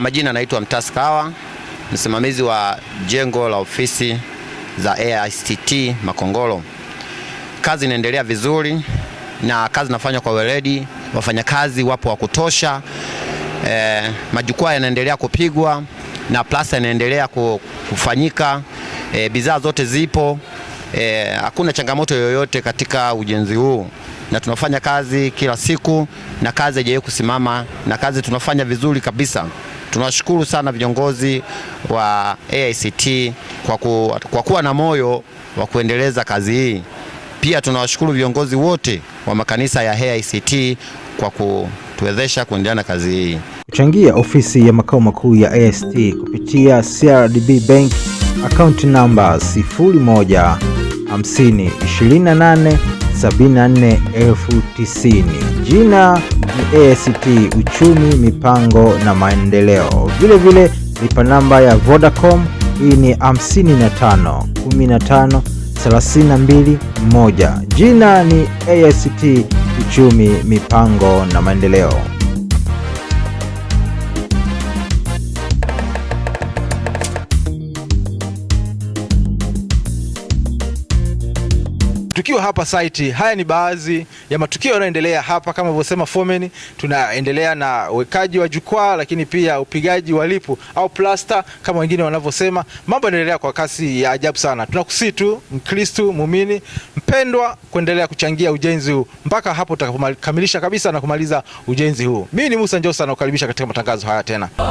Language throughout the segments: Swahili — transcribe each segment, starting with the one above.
Kwa majina naitwa Mtaskawa, msimamizi wa jengo la ofisi za AICT Makongoro. Kazi inaendelea vizuri na kazi inafanywa kwa weledi, wafanyakazi wapo wa kutosha. E, majukwaa yanaendelea kupigwa na plasa inaendelea kufanyika. E, bidhaa zote zipo. E, hakuna changamoto yoyote katika ujenzi huu na tunafanya kazi kila siku na kazi haijawahi kusimama na kazi tunafanya vizuri kabisa. Tunawashukuru sana viongozi wa AICT kwa, ku, kwa kuwa na moyo wa kuendeleza kazi hii. Pia tunawashukuru viongozi wote wa makanisa ya AICT kwa kutuwezesha kuendelea na kazi hii. Kuchangia ofisi ya makao makuu ya AICT kupitia CRDB Bank akaunti namba 74,090. Jina ni ACT Uchumi, Mipango na Maendeleo. Vilevile lipa namba ya Vodacom hii ni 55 Jina ni ACT Uchumi, Mipango na Maendeleo. Tukiwa hapa site, haya ni baadhi ya matukio yanayoendelea hapa. Kama alivyosema Fomeni, tunaendelea na wekaji wa jukwaa, lakini pia upigaji wa lipu au plasta kama wengine wanavyosema. Mambo yanaendelea kwa kasi ya ajabu sana. Tunakusii tu Mkristu muumini mpendwa, kuendelea kuchangia ujenzi huu mpaka hapo utakapokamilisha kabisa na kumaliza ujenzi huu. Mimi ni Musa Njosa na kukaribisha katika matangazo haya tena. Oh,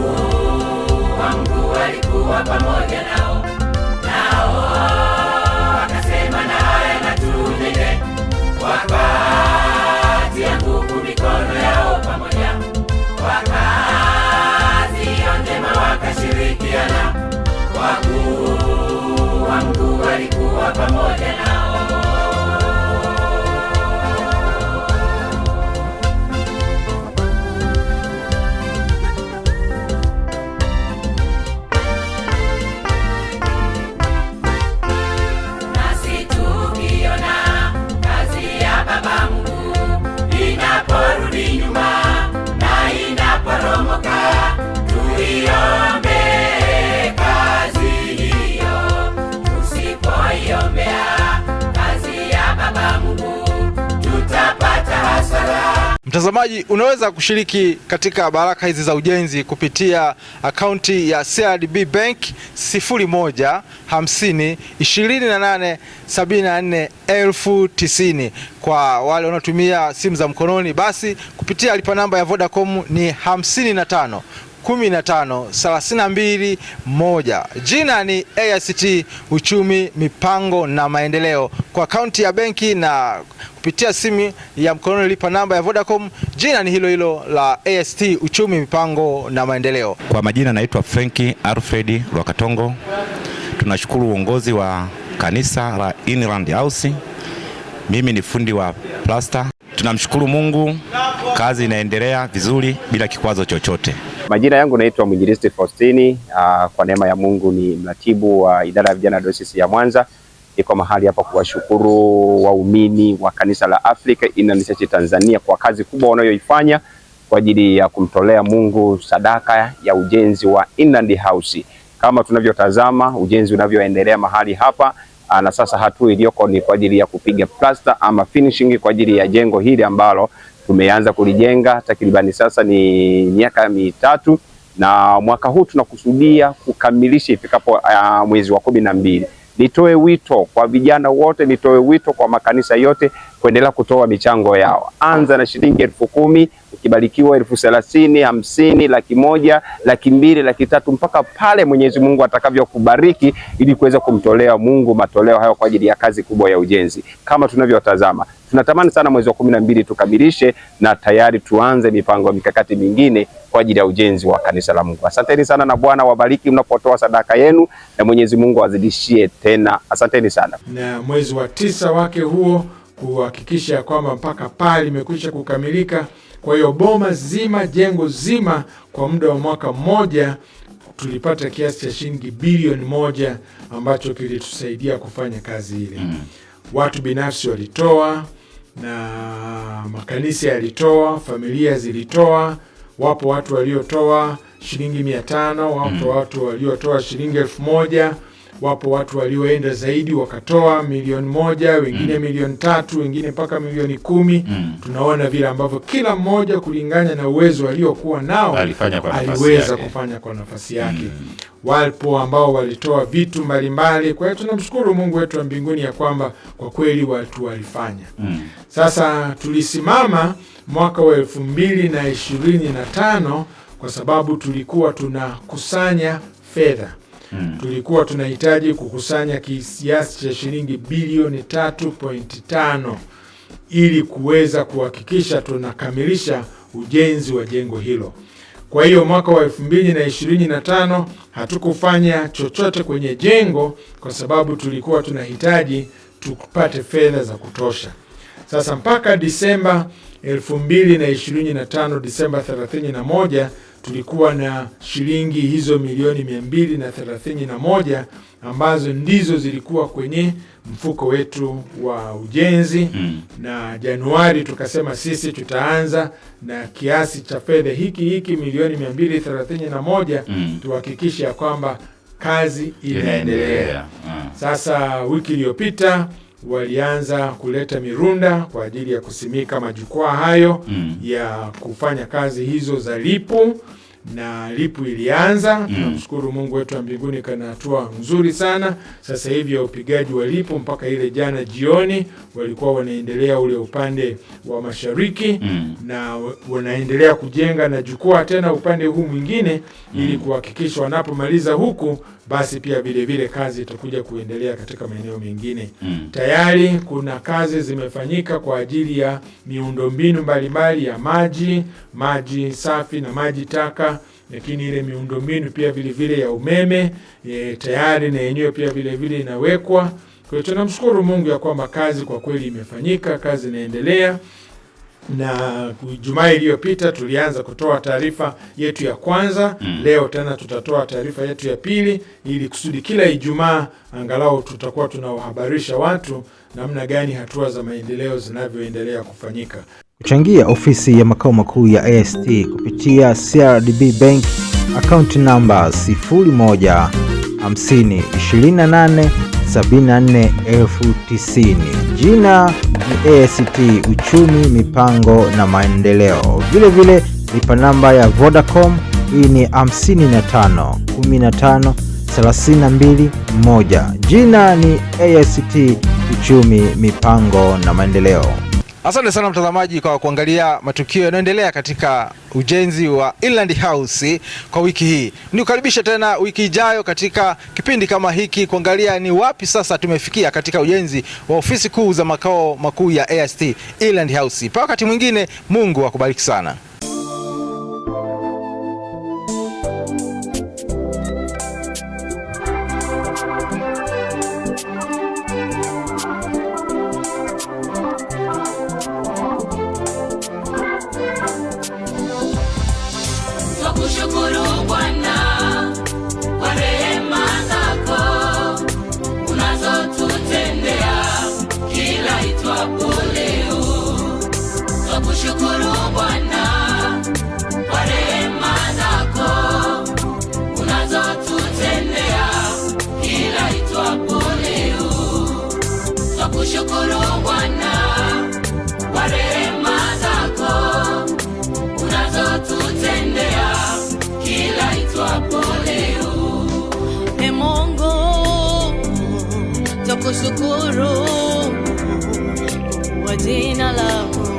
wangu alikuwa pamoja nao, nao wakasema na haya natulile, wakatia nguvu mikono yao pamoja, wakazio njema wakashirikiana, kwa kuwa Mungu alikuwa Mtazamaji unaweza kushiriki katika baraka hizi za ujenzi kupitia akaunti ya CRDB Bank 0150287490. Kwa wale wanaotumia simu za mkononi, basi kupitia lipa namba ya Vodacom ni 55 15 Jina ni AICT Uchumi, Mipango na Maendeleo, kwa akaunti ya benki na kupitia simu ya mkononi lipa namba ya Vodacom. Jina ni hilo hilo la AICT Uchumi, Mipango na Maendeleo. Kwa majina naitwa Frenki Alfred Lwakatongo. Tunashukuru uongozi wa kanisa la Inland House. Mimi ni fundi wa plasta. Tunamshukuru Mungu, kazi inaendelea vizuri bila kikwazo chochote. Majina yangu naitwa Mwinjilisti Faustini. Uh, kwa neema ya Mungu ni mratibu wa idara ya vijana Dayosisi ya Mwanza. Niko mahali hapa kuwashukuru waumini wa kanisa la Africa Inland Church Tanzania kwa kazi kubwa wanayoifanya kwa ajili ya kumtolea Mungu sadaka ya ujenzi wa Inland House. Kama tunavyotazama ujenzi unavyoendelea mahali hapa ah, na sasa hatua iliyoko ni kwa ajili ya kupiga plaster ama finishing kwa ajili ya jengo hili ambalo tumeanza kulijenga takribani sasa ni miaka mitatu, na mwaka huu tunakusudia kukamilisha ifikapo uh, mwezi wa kumi na mbili. Nitoe wito kwa vijana wote, nitoe wito kwa makanisa yote kuendelea kutoa michango yao. Anza na shilingi elfu kumi ukibarikiwa elfu thelathini hamsini, laki moja, laki mbili, laki tatu, mpaka pale Mwenyezi Mungu atakavyokubariki ili kuweza kumtolea Mungu matoleo hayo kwa ajili ya kazi kubwa ya ujenzi. Kama tunavyotazama, tunatamani sana mwezi wa kumi na mbili tukamilishe na tayari tuanze mipango ya mikakati mingine kwa ajili ya ujenzi wa kanisa la Mungu. Asanteni sana na Bwana wabariki mnapotoa sadaka yenu na Mwenyezi Mungu azidishie tena. Asanteni sana. Na mwezi wa tisa wake huo kuhakikisha kwamba mpaka paa limekwisha kukamilika. Kwa hiyo boma zima, jengo zima, kwa muda wa mwaka mmoja tulipata kiasi cha shilingi bilioni moja ambacho kilitusaidia kufanya kazi ile. Mm. Watu binafsi walitoa na makanisa yalitoa, familia zilitoa wapo watu waliotoa shilingi mia tano wapo mm. watu waliotoa shilingi elfu moja wapo watu walioenda zaidi wakatoa milioni moja, wengine mm. milioni tatu, wengine mpaka milioni kumi mm. Tunaona vile ambavyo kila mmoja kulingana na uwezo aliokuwa nao aliweza kufanya kwa nafasi mm. yake mm. Wapo ambao walitoa vitu mbalimbali. Kwa hiyo tunamshukuru Mungu wetu wa mbinguni ya kwamba kwa kweli watu walifanya mm. Sasa tulisimama mwaka wa elfu mbili na ishirini na tano kwa sababu tulikuwa tunakusanya fedha mm. tulikuwa tunahitaji kukusanya kiasi cha shilingi bilioni 3.5 ili kuweza kuhakikisha tunakamilisha ujenzi wa jengo hilo. Kwa hiyo mwaka wa 2025 hatukufanya chochote kwenye jengo kwa sababu tulikuwa tunahitaji tupate fedha za kutosha. Sasa mpaka Disemba 2025, Disemba 31 tulikuwa na shilingi hizo milioni mia mbili na thelathini na moja ambazo ndizo zilikuwa kwenye mfuko wetu wa ujenzi mm. Na Januari tukasema sisi tutaanza na kiasi cha fedha hiki hiki milioni mia mbili thelathini na moja mm. tuhakikishe ya kwamba kazi inaendelea. Hmm. Sasa wiki iliyopita walianza kuleta mirunda kwa ajili ya kusimika majukwaa hayo mm. ya kufanya kazi hizo za lipo na lipu ilianza mm. Mungu wetu wa mbinguni, kana hatua nzuri sana sasa hivi ya upigaji wa lipu. Mpaka ile jana jioni walikuwa wanaendelea ule upande wa mashariki mm. na wanaendelea kujenga na jukwaa tena upande huu mwingine mm. ili kuhakikisha wanapomaliza huku basi pia vilevile kazi itakuja kuendelea katika maeneo mengine mm. Tayari kuna kazi zimefanyika kwa ajili ya miundombinu mbalimbali ya maji, maji safi na maji taka lakini ile miundombinu pia vilevile ya umeme e, tayari na yenyewe pia vilevile inawekwa. Kwa hiyo tunamshukuru Mungu ya kwamba kazi kwa kweli imefanyika, kazi inaendelea na Jumaa iliyopita tulianza kutoa taarifa yetu ya kwanza mm. Leo tena tutatoa taarifa yetu ya pili, ili kusudi kila Ijumaa angalau tutakuwa tunawahabarisha watu namna gani hatua za maendeleo zinavyoendelea kufanyika kuchangia ofisi ya makao makuu ya ast kupitia CRDB Bank account number 0150 Jina ni AST Uchumi, Mipango na Maendeleo. Vilevile lipa namba ya Vodacom hii ni 5515321 Jina ni AST Uchumi, Mipango na Maendeleo. Asante sana mtazamaji kwa kuangalia matukio yanayoendelea katika ujenzi wa Inland House kwa wiki hii. nikukaribisha tena wiki ijayo katika kipindi kama hiki kuangalia ni wapi sasa tumefikia katika ujenzi wa ofisi kuu za makao makuu ya AST Inland House. Mpaka wakati mwingine, Mungu akubariki sana. kushukuru kwa jina lako